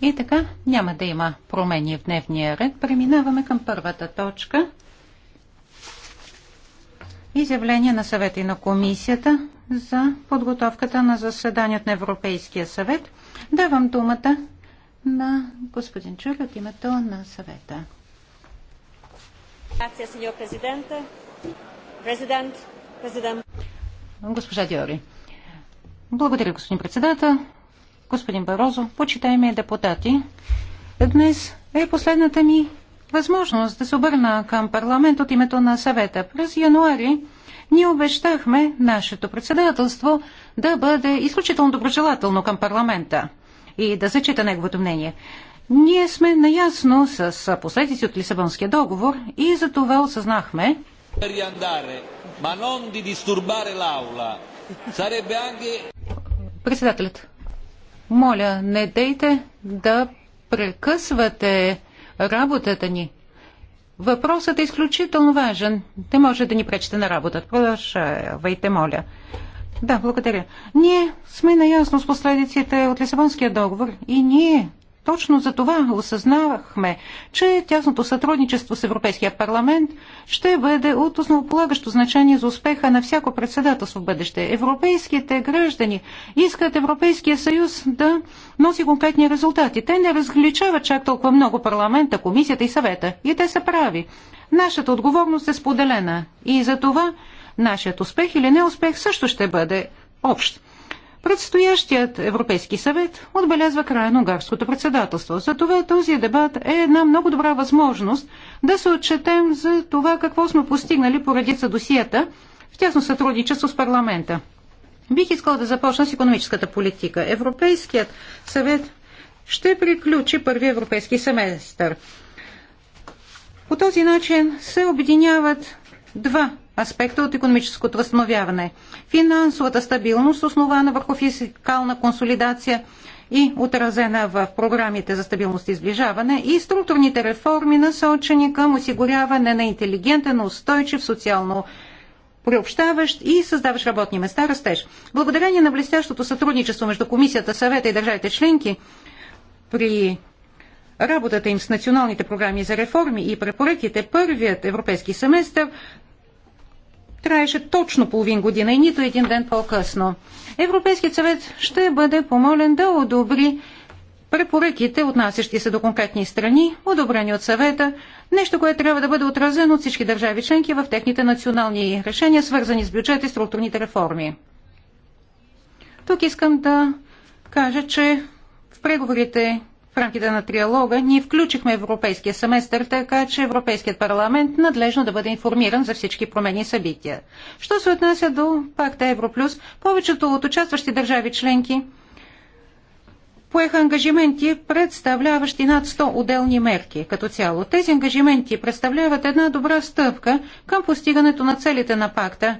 И така, няма да има промени в дневния ред. Преминаваме към първата точка. Изявление на съвета и на комисията за подготовката на заседанието на Европейския съвет. Давам думата на господин Чур от името на съвета. Госпожа Диори. Благодаря, господин председател. Господин Барозо, почитаеми депутати, днес е последната ми възможност да се обърна към парламент от името на съвета. През януари ние обещахме нашето председателство да бъде изключително доброжелателно към парламента и да зачита неговото мнение. Ние сме наясно с последици от Лисабонския договор и за това осъзнахме, Председателят, моля, не дейте да прекъсвате работата ни. Въпросът е изключително важен. Не може да ни пречите на работата. Продължавайте, моля. Да, благодаря. Ние сме наясно с последиците от Лисабонския договор и ние точно за това осъзнавахме, че тясното сътрудничество с Европейския парламент ще бъде от основополагащо значение за успеха на всяко председателство в бъдеще. Европейските граждани искат Европейския съюз да носи конкретни резултати. Те не различават чак толкова много парламента, комисията и съвета. И те са прави. Нашата отговорност е споделена. И за това нашият успех или неуспех също ще бъде общ. Предстоящият Европейски съвет отбелязва края на унгарското председателство. Затова този дебат е една много добра възможност да се отчетем за това какво сме постигнали по редица досията в тясно сътрудничество с парламента. Бих искал да започна с економическата политика. Европейският съвет ще приключи първи европейски семестър. По този начин се объединяват два аспекта от економическото възстановяване. Финансовата стабилност, основана върху фискална консолидация и отразена в програмите за стабилност и сближаване и структурните реформи, насочени към осигуряване на интелигентен, устойчив, социално приобщаващ и създаващ работни места растеж. Благодарение на блестящото сътрудничество между Комисията, съвета и държавите членки при работата им с националните програми за реформи и препоръките, първият европейски семестър траеше точно половин година и нито един ден по-късно. Европейският съвет ще бъде помолен да одобри препоръките, отнасящи се до конкретни страни, одобрени от съвета, нещо, което трябва да бъде отразено от всички държави членки в техните национални решения, свързани с бюджет и структурните реформи. Тук искам да кажа, че в преговорите в рамките на триалога ние включихме европейския семестър, така че Европейският парламент надлежно да бъде информиран за всички промени и събития. Що се отнася до пакта Европлюс, повечето от участващи държави членки поеха ангажименти, представляващи над 100 отделни мерки. Като цяло тези ангажименти представляват една добра стъпка към постигането на целите на пакта,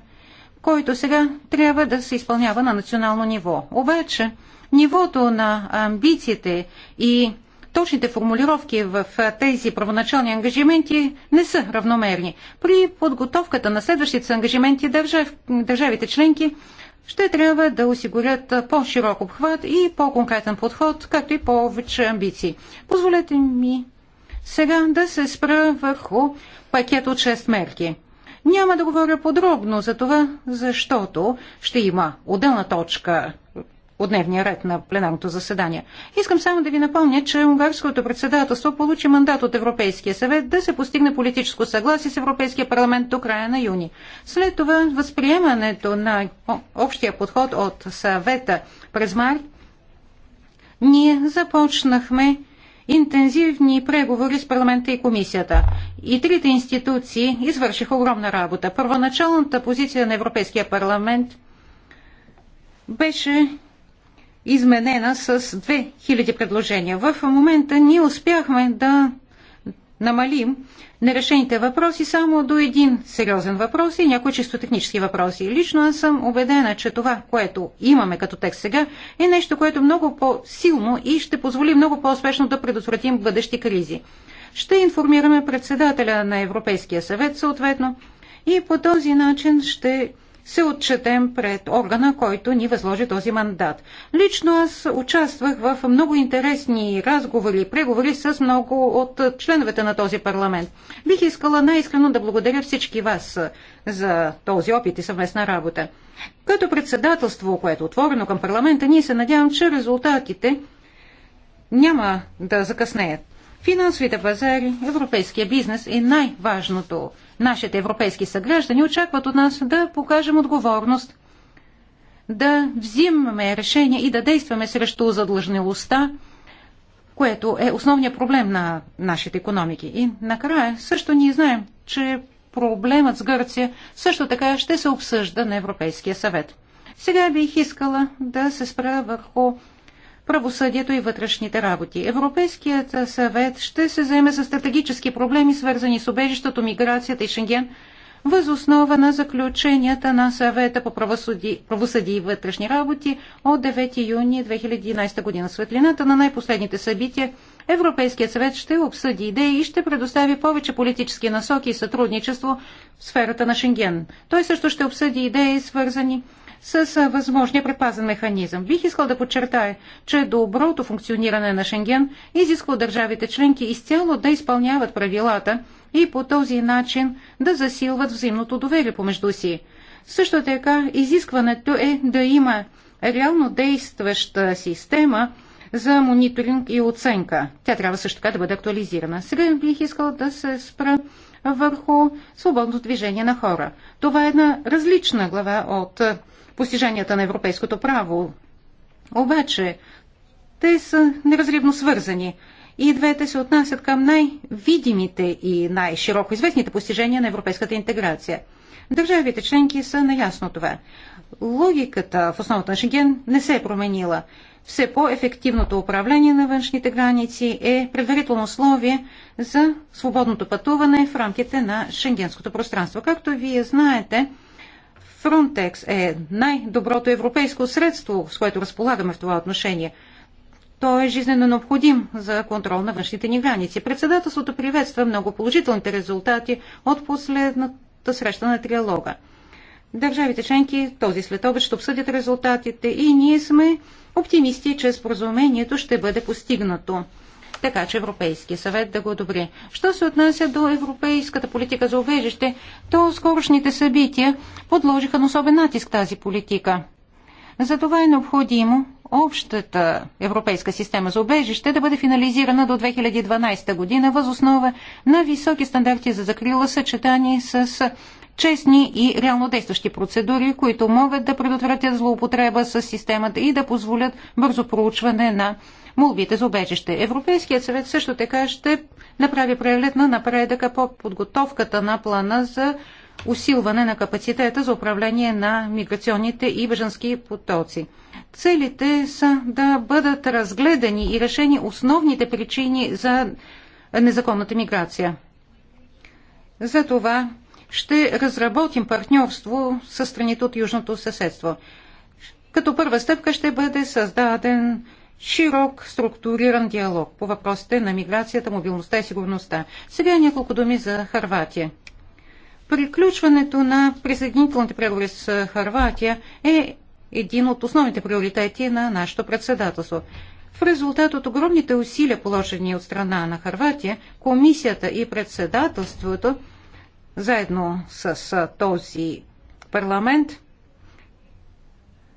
който сега трябва да се изпълнява на национално ниво. Обаче, нивото на амбициите и точните формулировки в тези първоначални ангажименти не са равномерни. При подготовката на следващите ангажименти държав, държавите членки ще трябва да осигурят по-широк обхват и по-конкретен подход, както и повече амбиции. Позволете ми сега да се спра върху пакет от 6 мерки. Няма да говоря подробно за това, защото ще има отделна точка от дневния ред на пленарното заседание. Искам само да ви напомня, че унгарското председателство получи мандат от Европейския съвет да се постигне политическо съгласие с Европейския парламент до края на юни. След това възприемането на общия подход от съвета през март, ние започнахме интензивни преговори с парламента и комисията. И трите институции извършиха огромна работа. Първоначалната позиция на Европейския парламент беше изменена с 2000 предложения. В момента ние успяхме да намалим нерешените въпроси само до един сериозен въпрос и някои чисто технически въпроси. Лично аз съм убедена, че това, което имаме като текст сега, е нещо, което много по-силно и ще позволи много по-успешно да предотвратим бъдещи кризи. Ще информираме председателя на Европейския съвет съответно и по този начин ще се отчетем пред органа, който ни възложи този мандат. Лично аз участвах в много интересни разговори и преговори с много от членовете на този парламент. Бих искала най-искрено да благодаря всички вас за този опит и съвместна работа. Като председателство, което е отворено към парламента, ние се надявам, че резултатите няма да закъснеят. Финансовите пазари, европейския бизнес и е най-важното – нашите европейски съграждани очакват от нас да покажем отговорност, да взимаме решения и да действаме срещу задлъжнилостта, което е основният проблем на нашите економики. И накрая също ние знаем, че проблемът с Гърция също така ще се обсъжда на Европейския съвет. Сега бих искала да се спра върху правосъдието и вътрешните работи. Европейският съвет ще се заеме с стратегически проблеми, свързани с убежището, миграцията и Шенген, възоснова на заключенията на съвета по правосъди, правосъди и вътрешни работи от 9 юни 2011 година. Светлината на най-последните събития Европейският съвет ще обсъди идеи и ще предостави повече политически насоки и сътрудничество в сферата на Шенген. Той също ще обсъди идеи, свързани с възможния предпазен механизъм. Бих искал да подчертая, че доброто функциониране на Шенген изисква държавите членки изцяло да изпълняват правилата и по този начин да засилват взаимното доверие помежду си. Също така, изискването е да има реално действаща система за мониторинг и оценка. Тя трябва също така да бъде актуализирана. Сега бих искал да се спра върху свободното движение на хора. Това е една различна глава от постиженията на европейското право. Обаче, те са неразривно свързани и двете се отнасят към най-видимите и най-широко известните постижения на европейската интеграция. Държавите членки са наясно това. Логиката в основата на Шенген не се е променила. Все по-ефективното управление на външните граници е предварително условие за свободното пътуване в рамките на шенгенското пространство. Както вие знаете, Frontex е най-доброто европейско средство, с което разполагаме в това отношение. Той е жизненно необходим за контрол на външните ни граници. Председателството приветства много положителните резултати от последната среща на триалога. Държавите членки този следобед ще обсъдят резултатите и ние сме оптимисти, че споразумението ще бъде постигнато така че Европейския съвет да го одобри. Що се отнася до европейската политика за убежище, то скорошните събития подложиха на особен натиск тази политика. Затова е необходимо общата европейска система за убежище да бъде финализирана до 2012 година възоснова на високи стандарти за закрила, съчетани с честни и реално действащи процедури, които могат да предотвратят злоупотреба с системата и да позволят бързо проучване на молбите за обежище. Европейският съвет също така ще направи преглед на напредъка по подготовката на плана за усилване на капацитета за управление на миграционните и бежански потоци. Целите са да бъдат разгледани и решени основните причини за незаконната миграция. За това ще разработим партньорство с страните от Южното съседство. Като първа стъпка ще бъде създаден широк структуриран диалог по въпросите на миграцията, мобилността и сигурността. Сега няколко думи за Харватия. Приключването на присъединителните преговори с Харватия е един от основните приоритети на нашето председателство. В резултат от огромните усилия, положени от страна на Харватия, комисията и председателството, заедно с този парламент,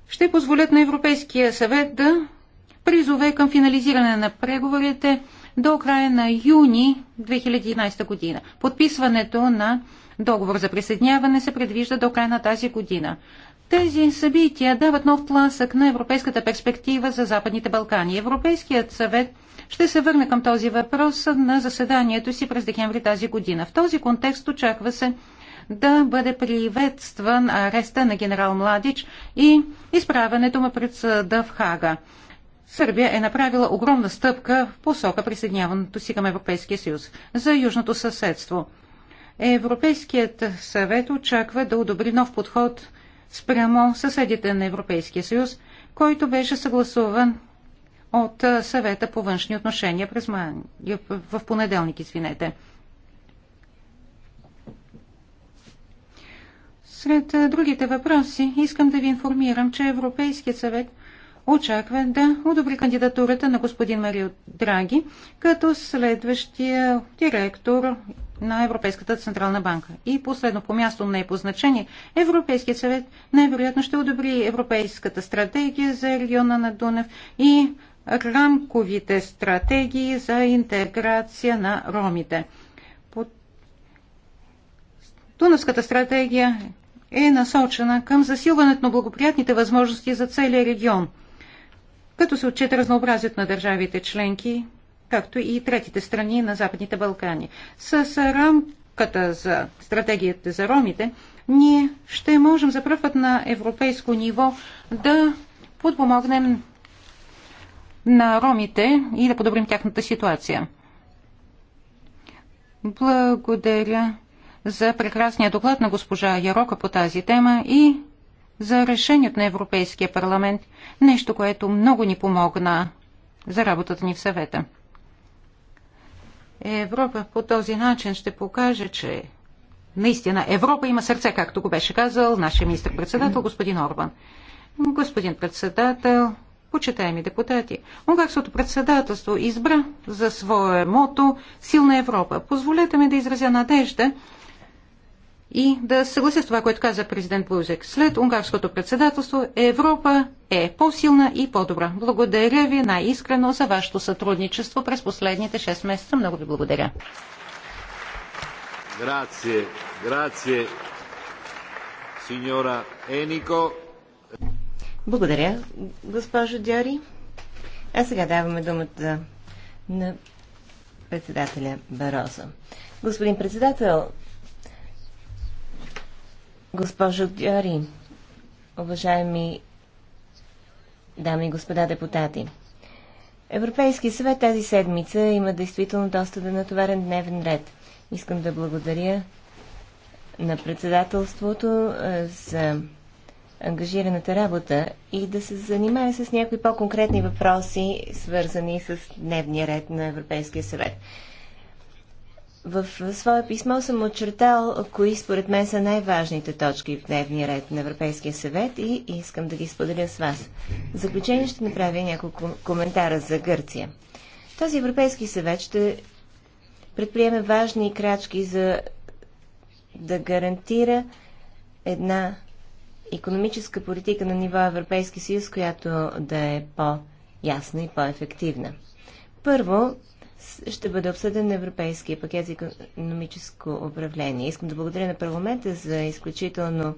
ще позволят на Европейския съвет да призове към финализиране на преговорите до края на юни 2011 година. Подписването на договор за присъединяване се предвижда до края на тази година. Тези събития дават нов тласък на европейската перспектива за Западните Балкани. Европейският съвет ще се върне към този въпрос на заседанието си през декември тази година. В този контекст очаква се да бъде приветстван ареста на генерал Младич и изправенето му пред съда в Хага. Сърбия е направила огромна стъпка в посока присъединяването си към Европейския съюз за южното съседство. Европейският съвет очаква да одобри нов подход спрямо съседите на Европейския съюз, който беше съгласуван от съвета по външни отношения през май, в понеделник, извинете. Сред другите въпроси искам да ви информирам, че Европейският съвет – очаква да одобри кандидатурата на господин Марио Драги като следващия директор на Европейската Централна банка. И последно по място, не е по значение, Европейският съвет най-вероятно ще одобри Европейската стратегия за региона на Дунев и рамковите стратегии за интеграция на ромите. По... Дунавската стратегия е насочена към засилването на благоприятните възможности за целия регион като се отчита разнообразието на държавите членки, както и третите страни на Западните Балкани. С рамката за стратегията за ромите, ние ще можем за първ път на европейско ниво да подпомогнем на ромите и да подобрим тяхната ситуация. Благодаря за прекрасния доклад на госпожа Ярока по тази тема и за решението на Европейския парламент, нещо, което много ни помогна за работата ни в съвета. Европа по този начин ще покаже, че наистина Европа има сърце, както го беше казал нашия министр-председател господин Орбан. Господин председател, почитаеми депутати, унгарското председателство избра за свое мото Силна Европа. Позволете ми да изразя надежда, и да съглася с това, което каза президент Бузек. След унгарското председателство Европа е по-силна и по-добра. Благодаря ви най-искрено за вашето сътрудничество през последните 6 месеца. Много ви благодаря. Грация, грация, сеньора Енико. Благодаря, госпожо Дяри. А сега даваме думата на председателя Бароза. Господин председател, Госпожо Дьори, уважаеми дами и господа депутати, Европейски съвет тази седмица има действително доста да натоварен дневен ред. Искам да благодаря на председателството е, за ангажираната работа и да се занимая с някои по-конкретни въпроси, свързани с дневния ред на Европейския съвет. В свое писмо съм очертал кои според мен са най-важните точки в дневния ред на Европейския съвет и искам да ги споделя с вас. В заключение ще направя няколко коментара за Гърция. Този Европейски съвет ще предприеме важни крачки за да гарантира една економическа политика на ниво Европейски съюз, която да е по-ясна и по-ефективна. Първо, ще бъде обсъден на Европейския пакет за економическо управление. Искам да благодаря на парламента за изключително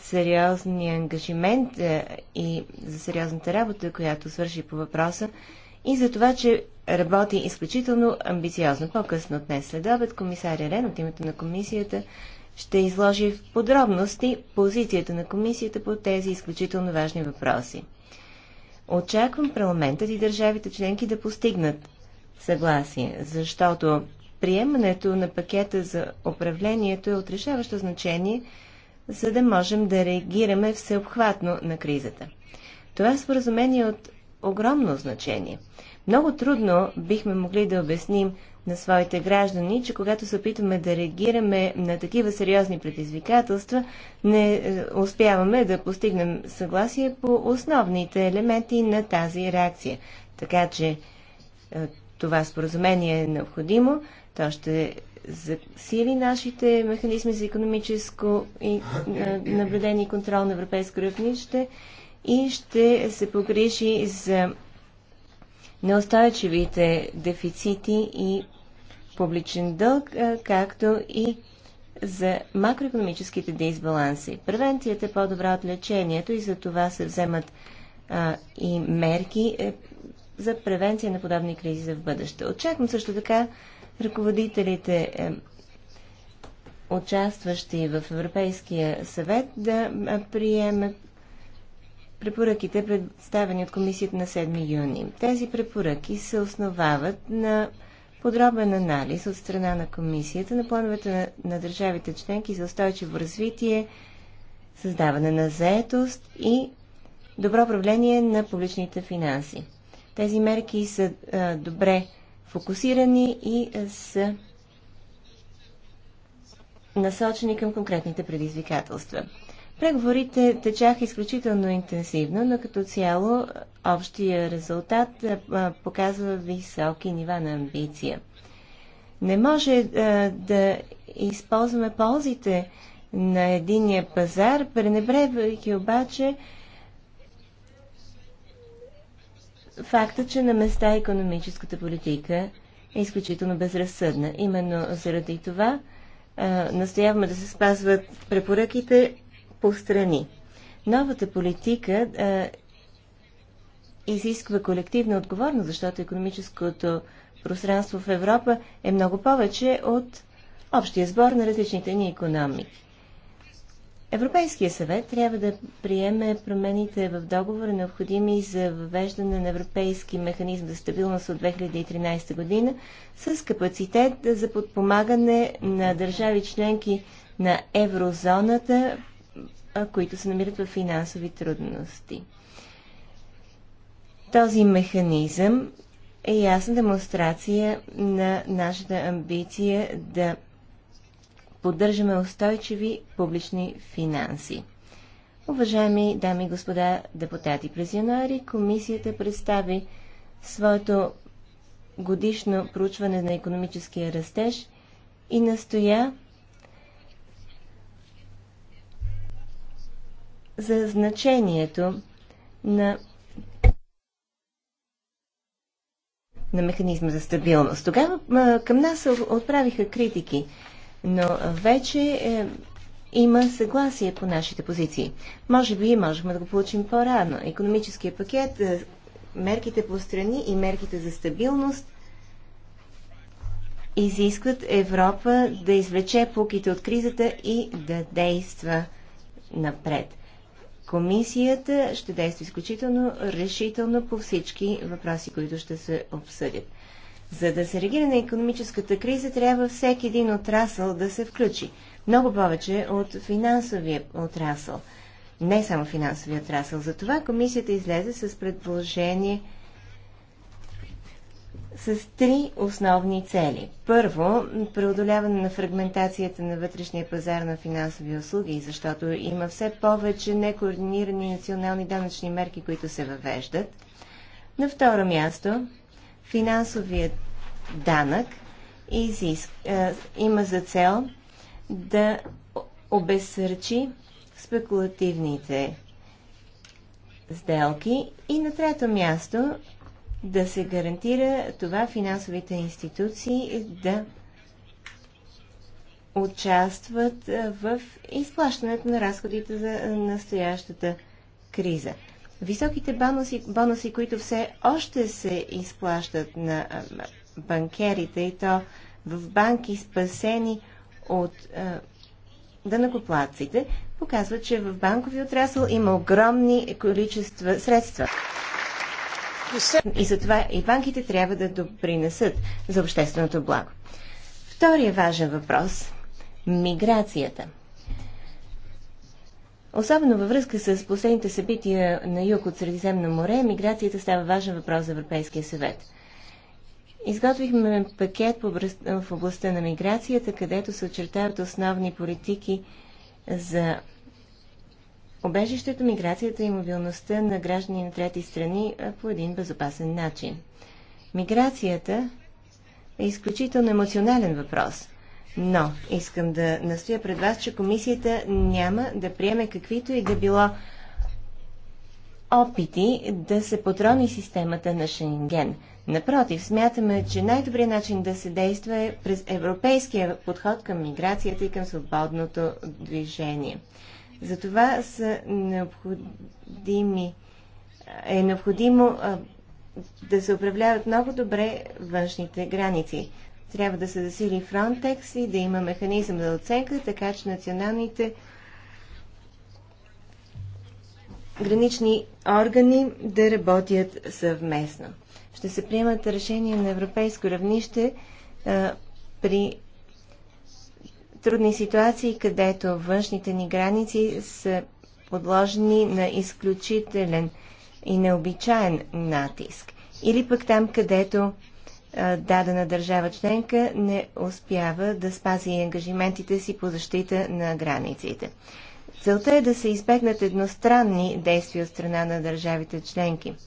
сериозния ангажимент е, и за сериозната работа, която свърши по въпроса и за това, че работи изключително амбициозно. По-късно днес след обед комисаря Рен от името на комисията ще изложи в подробности позицията на комисията по тези изключително важни въпроси. Очаквам парламентът и държавите членки да постигнат съгласие, защото приемането на пакета за управлението е отрешаващо значение, за да можем да реагираме всеобхватно на кризата. Това споразумение е от огромно значение. Много трудно бихме могли да обясним на своите граждани, че когато се опитваме да реагираме на такива сериозни предизвикателства, не е, успяваме да постигнем съгласие по основните елементи на тази реакция. Така че е, това споразумение е необходимо. То ще засили нашите механизми за економическо и, наблюдение и контрол на европейско равнище и ще се погрижи за неустойчивите дефицити и публичен дълг, както и за макроекономическите дисбаланси. Превенцията е по-добра от лечението и за това се вземат а, и мерки, е, за превенция на подобни кризи за в бъдеще. Очаквам също така ръководителите, е, участващи в Европейския съвет, да приемат препоръките, представени от комисията на 7 юни. Тези препоръки се основават на подробен анализ от страна на комисията на плановете на, на държавите членки за устойчиво развитие, създаване на заетост и добро управление на публичните финанси. Тези мерки са а, добре фокусирани и а, са насочени към конкретните предизвикателства. Преговорите течаха изключително интенсивно, но като цяло общия резултат а, показва високи нива на амбиция. Не може а, да използваме ползите на единия пазар, пренебрегвайки обаче факта, че на места економическата политика е изключително безразсъдна. Именно заради това а, настояваме да се спазват препоръките по страни. Новата политика а, изисква колективна отговорност, защото економическото пространство в Европа е много повече от общия сбор на различните ни економики. Европейския съвет трябва да приеме промените в договора, необходими за въвеждане на европейски механизъм за стабилност от 2013 година, с капацитет за подпомагане на държави членки на еврозоната, които се намират в финансови трудности. Този механизъм е ясна демонстрация на нашата амбиция да поддържаме устойчиви публични финанси. Уважаеми дами и господа депутати, през януари комисията представи своето годишно проучване на економическия растеж и настоя за значението на на механизма за стабилност. Тогава към нас отправиха критики но вече е, има съгласие по нашите позиции. Може би можехме да го получим по-рано. Економическия пакет, е, мерките по страни и мерките за стабилност изискват Европа да извлече пуките от кризата и да действа напред. Комисията ще действа изключително решително по всички въпроси, които ще се обсъдят. За да се реагира на економическата криза, трябва всеки един отрасъл да се включи. Много повече от финансовия отрасъл. Не само финансовия отрасъл. Затова комисията излезе с предположение с три основни цели. Първо, преодоляване на фрагментацията на вътрешния пазар на финансови услуги, защото има все повече некоординирани национални данъчни мерки, които се въвеждат. На второ място, финансовият данък изиск, а, е, има за цел да обесърчи спекулативните сделки и на трето място да се гарантира това финансовите институции да участват е, в изплащането на разходите за е, настоящата криза. Високите бонуси, бонуси които все още се изплащат на банкерите и то в банки спасени от е, дънакоплаците, показва, че в банкови отрасъл има огромни количества средства. И затова и банките трябва да допринесат за общественото благо. Втория важен въпрос – миграцията. Особено във връзка с последните събития на юг от Средиземно море, миграцията става важен въпрос за Европейския съвет – Изготвихме пакет в областта на миграцията, където се очертават основни политики за обежището, миграцията и мобилността на граждани на трети страни по един безопасен начин. Миграцията е изключително емоционален въпрос, но искам да настоя пред вас, че комисията няма да приеме каквито и да било опити да се потрони системата на Шенген – Напротив, смятаме, че най-добрият начин да се действа е през европейския подход към миграцията и към свободното движение. Затова са необходими, е необходимо да се управляват много добре външните граници. Трябва да се засили Frontex и да има механизъм за оценка, така че националните гранични органи да работят съвместно ще се приемат решения на европейско равнище а, при трудни ситуации, където външните ни граници са подложени на изключителен и необичаен натиск. Или пък там, където а, дадена държава членка не успява да спази ангажиментите си по защита на границите. Целта е да се избегнат едностранни действия от страна на държавите членки –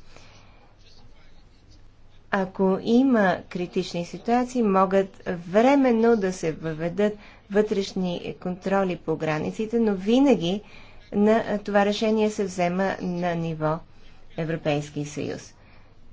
ако има критични ситуации, могат временно да се въведат вътрешни контроли по границите, но винаги на това решение се взема на ниво Европейски съюз.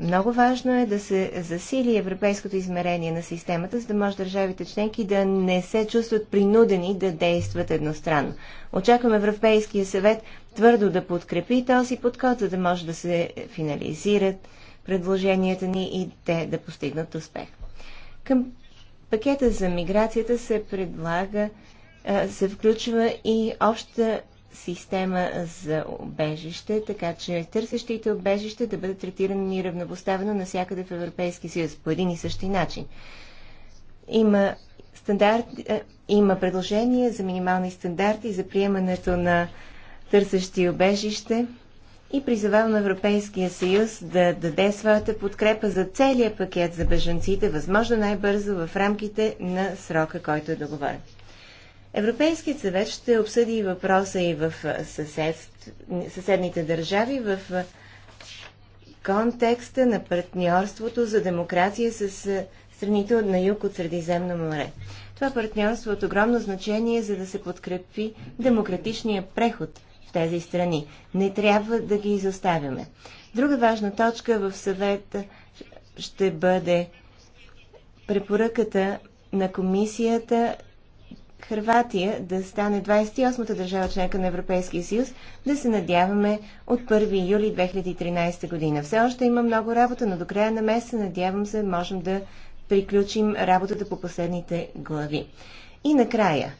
Много важно е да се засили европейското измерение на системата, за да може държавите членки да не се чувстват принудени да действат едностранно. Очаквам Европейския съвет твърдо да подкрепи този подход, за да може да се финализират предложенията ни и те да постигнат успех. Към пакета за миграцията се предлага, се включва и обща система за обежище, така че търсещите обежище да бъдат третирани равнопоставено навсякъде в Европейски съюз по един и същи начин. Има, стандарт, има предложение за минимални стандарти за приемането на търсещи обежище – и призовавам Европейския съюз да даде своята подкрепа за целия пакет за бежанците, възможно най-бързо в рамките на срока, който е договорен. Европейският съвет ще обсъди въпроса и в съсед... съседните държави в контекста на партньорството за демокрация с страните на юг от Средиземно море. Това партньорство е от огромно значение, за да се подкрепи демократичния преход – тези страни. Не трябва да ги изоставяме. Друга важна точка в съвета ще бъде препоръката на комисията Хрватия да стане 28-та държава членка на Европейския съюз, да се надяваме от 1 юли 2013 година. Все още има много работа, но до края на месеца, надявам се, можем да приключим работата по последните глави. И накрая,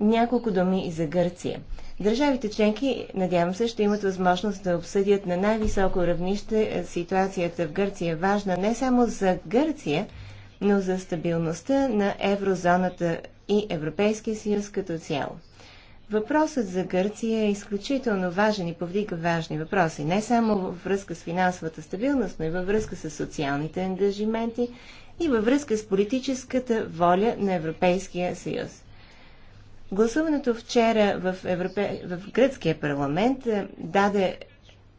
няколко думи за Гърция. Държавите членки, надявам се, ще имат възможност да обсъдят на най-високо равнище е, ситуацията в Гърция, важна не само за Гърция, но за стабилността на еврозоната и Европейския съюз като цяло. Въпросът за Гърция е изключително важен и повдига важни въпроси, не само във връзка с финансовата стабилност, но и във връзка с социалните ангажименти и във връзка с политическата воля на Европейския съюз. Гласуването вчера в, Европе... в гръцкия парламент е, даде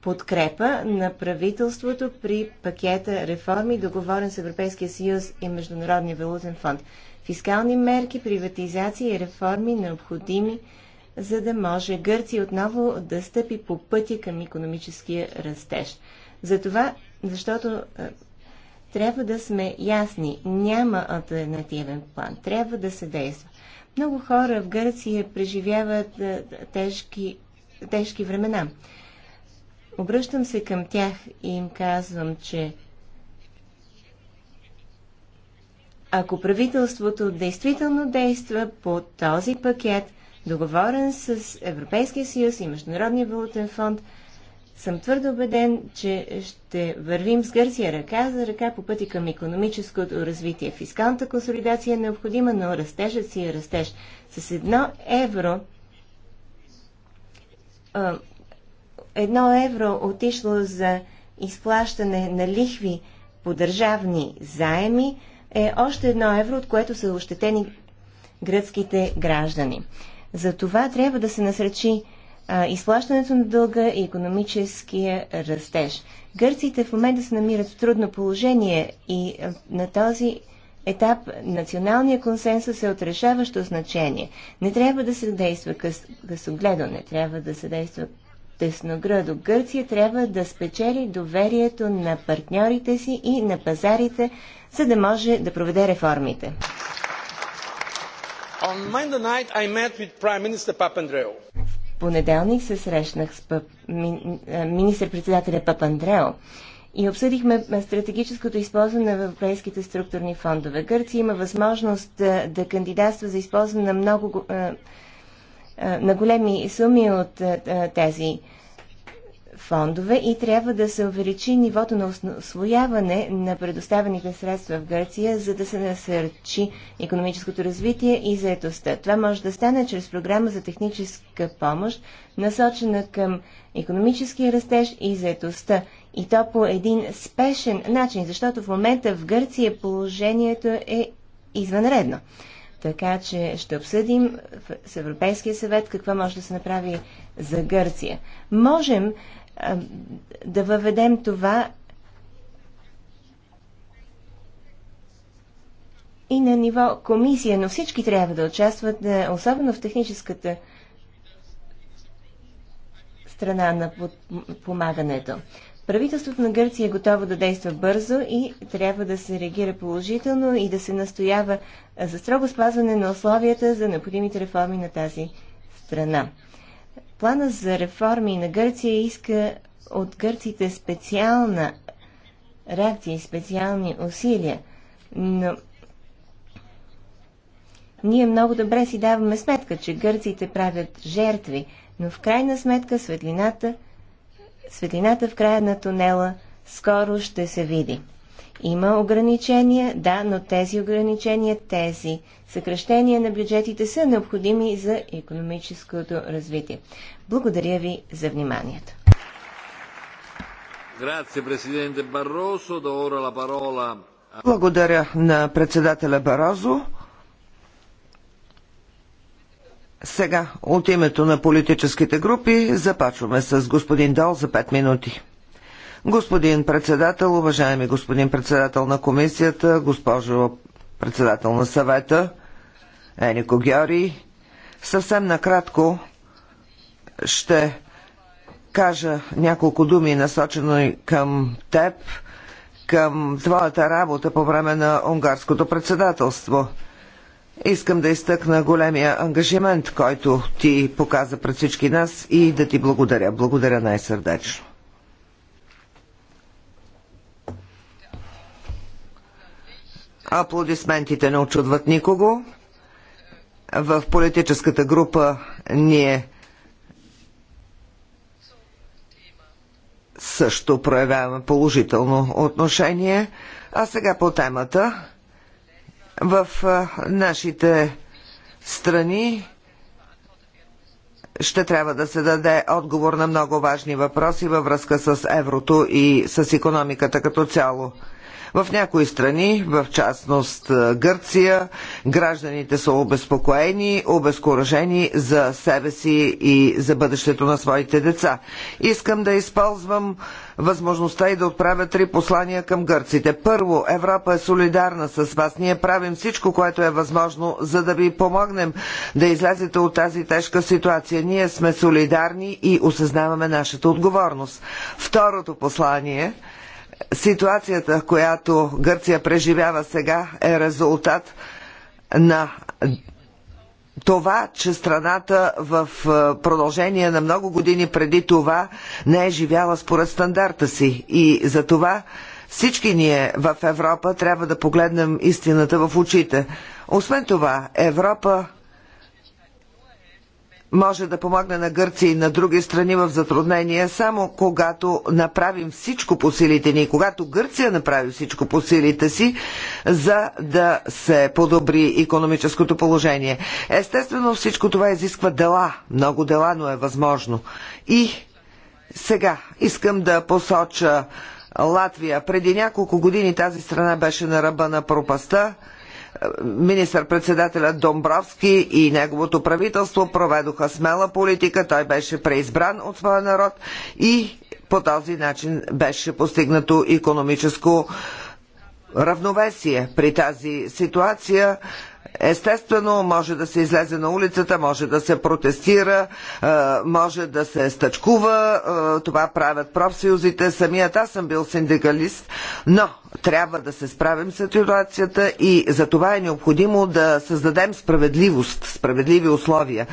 подкрепа на правителството при пакета реформи, договорен с Европейския съюз и Международния валутен фонд. Фискални мерки, приватизация и реформи необходими, за да може Гърция отново да стъпи по пътя към економическия растеж. Затова, защото е, трябва да сме ясни, няма альтернативен план, трябва да се действа. Много хора в Гърция преживяват тежки, тежки времена. Обръщам се към тях и им казвам, че ако правителството действително действа по този пакет, договорен с Европейския съюз и Международния валутен фонд, съм твърдо убеден, че ще вървим с Гърция ръка за ръка по пъти към економическото развитие. Фискалната консолидация е необходима, но растежът си е растеж. С едно евро едно евро отишло за изплащане на лихви по държавни заеми е още едно евро, от което са ощетени гръцките граждани. За това трябва да се насречи изплащането на дълга и економическия растеж. Гърците в момента се намират в трудно положение и на този етап националния консенсус е отрешаващо значение. Не трябва да се действа къс, късогледо, не трябва да се действа тесноградо. Гърция трябва да спечели доверието на партньорите си и на пазарите, за да може да проведе реформите. On Monday night I met with Prime Minister Papandreou понеделник се срещнах с пъп, ми, е, министр-председателя и обсъдихме стратегическото използване на европейските структурни фондове. Гърция има възможност да, е, да кандидатства за използване на много е, на големи суми от тези фондове и трябва да се увеличи нивото на освояване на предоставените средства в Гърция, за да се насърчи економическото развитие и заетостта. Това може да стане чрез програма за техническа помощ, насочена към економическия растеж и заетостта. И то по един спешен начин, защото в момента в Гърция положението е извънредно. Така че ще обсъдим с Европейския съвет какво може да се направи за Гърция. Можем да въведем това и на ниво комисия, но всички трябва да участват, особено в техническата страна на помагането. Правителството на Гърция е готово да действа бързо и трябва да се реагира положително и да се настоява за строго спазване на условията за необходимите реформи на тази страна. Плана за реформи на Гърция иска от гърците специална реакция и специални усилия. Но ние много добре си даваме сметка, че гърците правят жертви, но в крайна сметка светлината, светлината в края на тунела скоро ще се види. Има ограничения, да, но тези ограничения, тези съкръщения на бюджетите са необходими за економическото развитие. Благодаря ви за вниманието. Благодаря на председателя Барозо. Сега от името на политическите групи започваме с господин Дол за 5 минути. Господин председател, уважаеми господин председател на комисията, госпожо председател на съвета, Енико Георги, съвсем накратко ще кажа няколко думи насочено към теб, към твоята работа по време на унгарското председателство. Искам да изтъкна големия ангажимент, който ти показа пред всички нас и да ти благодаря. Благодаря най-сърдечно. Аплодисментите не очудват никого. В политическата група ние също проявяваме положително отношение. А сега по темата. В нашите страни ще трябва да се даде отговор на много важни въпроси във връзка с еврото и с економиката като цяло. В някои страни, в частност Гърция, гражданите са обезпокоени, обезкуражени за себе си и за бъдещето на своите деца. Искам да използвам възможността и да отправя три послания към гърците. Първо, Европа е солидарна с вас. Ние правим всичко, което е възможно, за да ви помогнем да излезете от тази тежка ситуация. Ние сме солидарни и осъзнаваме нашата отговорност. Второто послание – Ситуацията, която Гърция преживява сега, е резултат на това, че страната в е, продължение на много години преди това не е живяла според стандарта си. И за това всички ние в Европа трябва да погледнем истината в очите. Освен това, Европа може да помогне на Гърция и на други страни в затруднения, само когато направим всичко по силите ни, когато Гърция направи всичко по силите си, за да се подобри економическото положение. Естествено, всичко това изисква дела, много дела, но е възможно. И сега искам да посоча Латвия. Преди няколко години тази страна беше на ръба на пропаста министър председателят Домбровски и неговото правителство проведоха смела политика, той беше преизбран от своя народ и по този начин беше постигнато економическо равновесие. При тази ситуация Естествено, може да се излезе на улицата, може да се протестира, е, може да се стъчкува. Е, това правят профсъюзите. Самият аз съм бил синдикалист, но трябва да се справим с ситуацията и за това е необходимо да създадем справедливост, справедливи условия.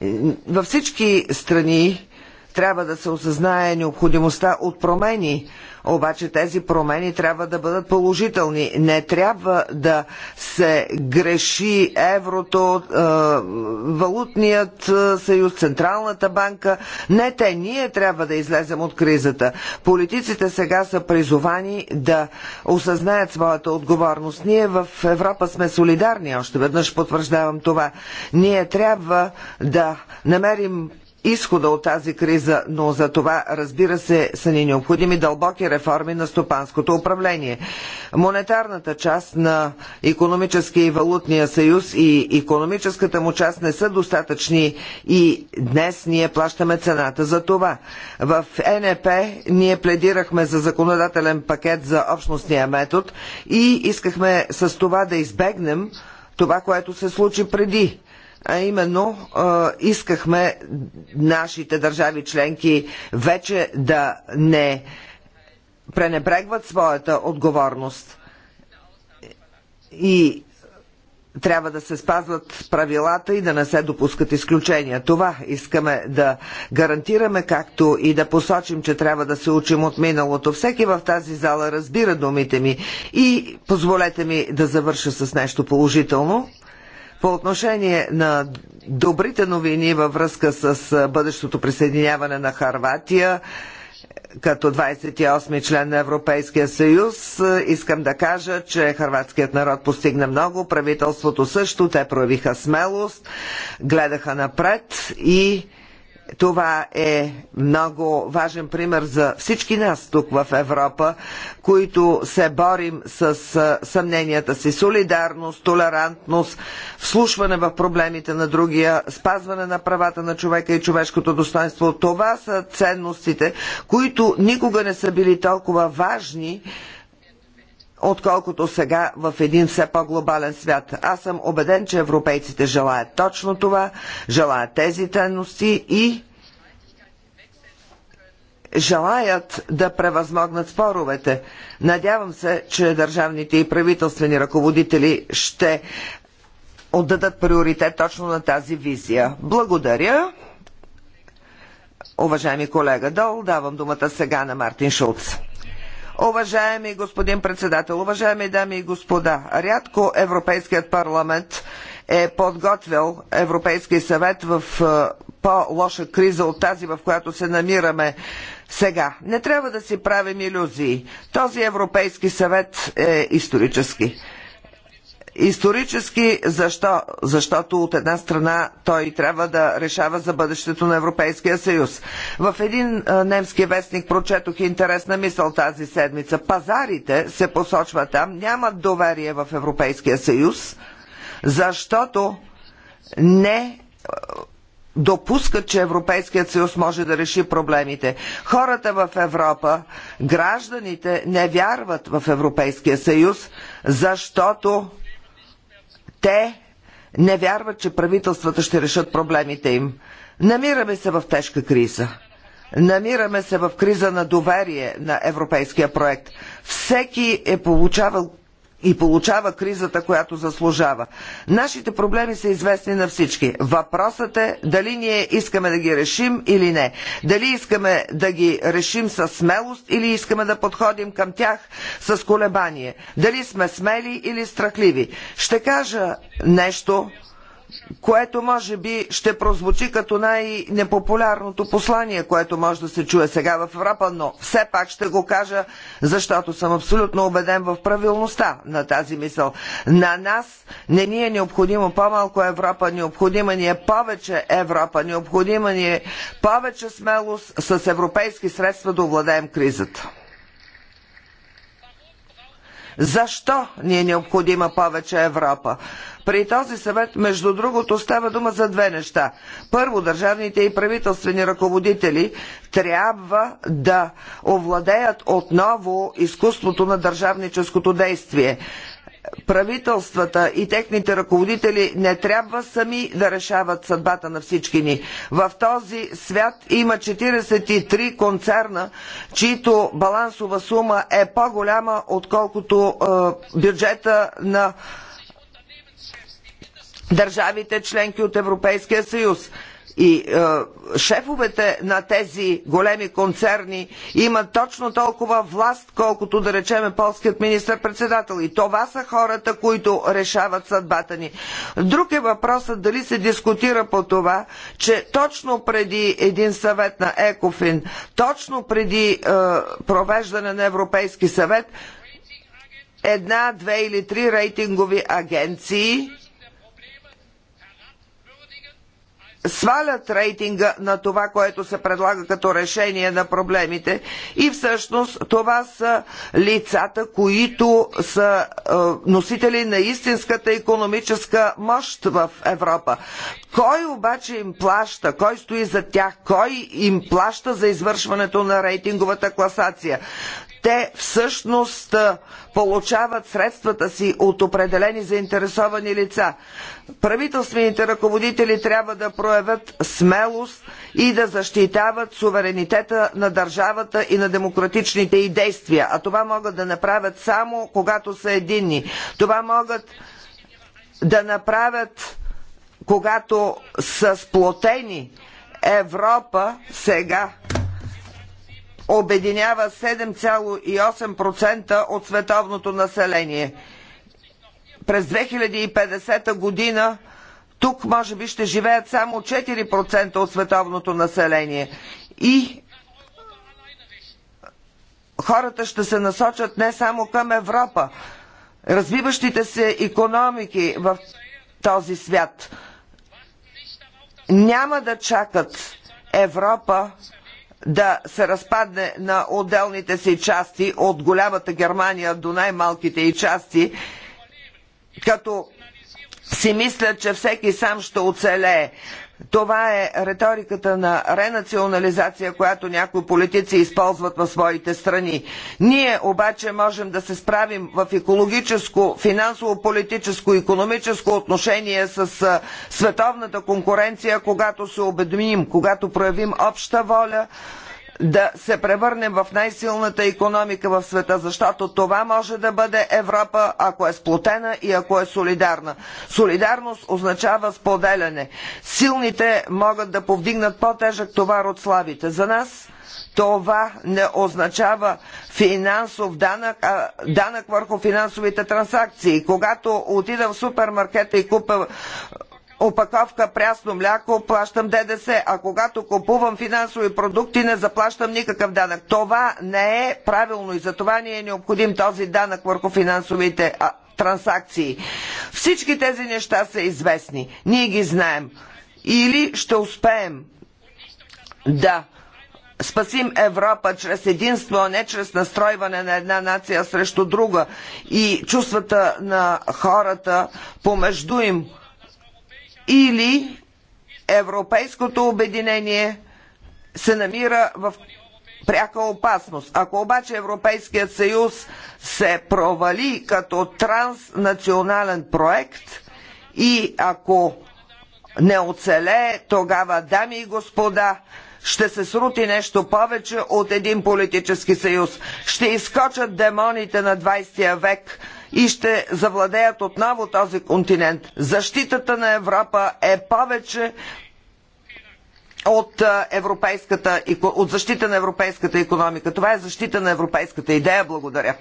Е, във всички страни трябва да се осъзнае необходимостта от промени. Обаче тези промени трябва да бъдат положителни. Не трябва да се греши еврото, е, валутният съюз, Централната банка. Не те, ние трябва да излезем от кризата. Политиците сега са призовани да осъзнаят своята отговорност. Ние в Европа сме солидарни, още веднъж потвърждавам това. Ние трябва да намерим изхода от тази криза, но за това, разбира се, са ни необходими дълбоки реформи на стопанското управление. Монетарната част на економическия и валутния съюз и економическата му част не са достатъчни и днес ние плащаме цената за това. В НЕП ние пледирахме за законодателен пакет за общностния метод и искахме с това да избегнем това, което се случи преди а именно искахме нашите държави членки вече да не пренебрегват своята отговорност и трябва да се спазват правилата и да не се допускат изключения. Това искаме да гарантираме, както и да посочим, че трябва да се учим от миналото. Всеки в тази зала разбира думите ми и позволете ми да завърша с нещо положително. По отношение на добрите новини във връзка с бъдещото присъединяване на Харватия, като 28 член на Европейския съюз, искам да кажа, че харватският народ постигна много, правителството също, те проявиха смелост, гледаха напред и това е много важен пример за всички нас тук в Европа, които се борим с съмненията си. Солидарност, толерантност, вслушване в проблемите на другия, спазване на правата на човека и човешкото достоинство. Това са ценностите, които никога не са били толкова важни, отколкото сега в един все по-глобален свят. Аз съм убеден, че европейците желаят точно това, желаят тези ценности и желаят да превъзмогнат споровете. Надявам се, че държавните и правителствени ръководители ще отдадат приоритет точно на тази визия. Благодаря. Уважаеми колега Дол, давам думата сега на Мартин Шулц. Уважаеми господин председател, уважаеми дами и господа, рядко Европейският парламент е подготвил Европейски съвет в е, по-лоша криза от тази, в която се намираме сега. Не трябва да си правим иллюзии. Този Европейски съвет е исторически. Исторически защо? Защото от една страна той трябва да решава за бъдещето на Европейския съюз. В един е, немски вестник прочетох интересна мисъл тази седмица. Пазарите, се посочва там, нямат доверие в Европейския съюз, защото не е, допускат, че Европейският съюз може да реши проблемите. Хората в Европа, гражданите не вярват в Европейския съюз, защото те не вярват, че правителствата ще решат проблемите им. Намираме се в тежка криза. Намираме се в криза на доверие на европейския проект. Всеки е получавал и получава кризата, която заслужава. Нашите проблеми са известни на всички. Въпросът е дали ние искаме да ги решим или не. Дали искаме да ги решим с смелост или искаме да подходим към тях с колебание. Дали сме смели или страхливи. Ще кажа нещо, което може би ще прозвучи като най-непопулярното послание, което може да се чуе сега в Европа, но все пак ще го кажа, защото съм абсолютно убеден в правилността на тази мисъл. На нас не ни е необходимо по-малко Европа, необходима ни е повече Европа, необходима ни е повече смелост с европейски средства да овладеем кризата. Защо ни е необходима повече Европа? При този съвет, между другото, става дума за две неща. Първо, държавните и правителствени ръководители трябва да овладеят отново изкуството на държавническото действие правителствата и техните ръководители не трябва сами да решават съдбата на всички ни. В този свят има 43 концерна, чието балансова сума е по-голяма, отколкото е, бюджета на държавите членки от Европейския съюз. И е, шефовете на тези големи концерни имат точно толкова власт, колкото да речеме полският министр-председател. И това са хората, които решават съдбата ни. Друг е въпросът дали се дискутира по това, че точно преди един съвет на Екофин, точно преди е, провеждане на Европейски съвет, една, две или три рейтингови агенции свалят рейтинга на това, което се предлага като решение на проблемите. И всъщност това са лицата, които са е, носители на истинската економическа мощ в Европа. Кой обаче им плаща? Кой стои за тях? Кой им плаща за извършването на рейтинговата класация? те всъщност получават средствата си от определени заинтересовани лица. Правителствените ръководители трябва да проявят смелост и да защитават суверенитета на държавата и на демократичните й действия. А това могат да направят само когато са единни. Това могат да направят когато са сплотени Европа сега обединява 7,8% от световното население. През 2050 година тук може би ще живеят само 4% от световното население. И хората ще се насочат не само към Европа, развиващите се економики в този свят няма да чакат Европа да се разпадне на отделните си части от голямата Германия до най-малките и части, като си мислят, че всеки сам ще оцелее. Това е риториката на ренационализация, която някои политици използват в своите страни. Ние обаче можем да се справим в екологическо, финансово, политическо, економическо отношение с световната конкуренция, когато се обединим, когато проявим обща воля, да се превърнем в най-силната економика в света, защото това може да бъде Европа, ако е сплотена и ако е солидарна. Солидарност означава споделяне. Силните могат да повдигнат по-тежък товар от слабите. За нас това не означава финансов данък, а данък върху финансовите транзакции. Когато отида в супермаркета и купя опаковка прясно мляко плащам ДДС, а когато купувам финансови продукти не заплащам никакъв данък. Това не е правилно и затова ни е необходим този данък върху финансовите а, транзакции. Всички тези неща са известни. Ние ги знаем. Или ще успеем да спасим Европа чрез единство, а не чрез настройване на една нация срещу друга и чувствата на хората помежду им или Европейското обединение се намира в пряка опасност. Ако обаче Европейският съюз се провали като транснационален проект и ако не оцелее, тогава, дами и господа, ще се срути нещо повече от един политически съюз. Ще изкочат демоните на 20 век, и ще завладеят отново този континент. Защитата на Европа е повече от, европейската, от защита на европейската економика. Това е защита на европейската идея. Благодаря.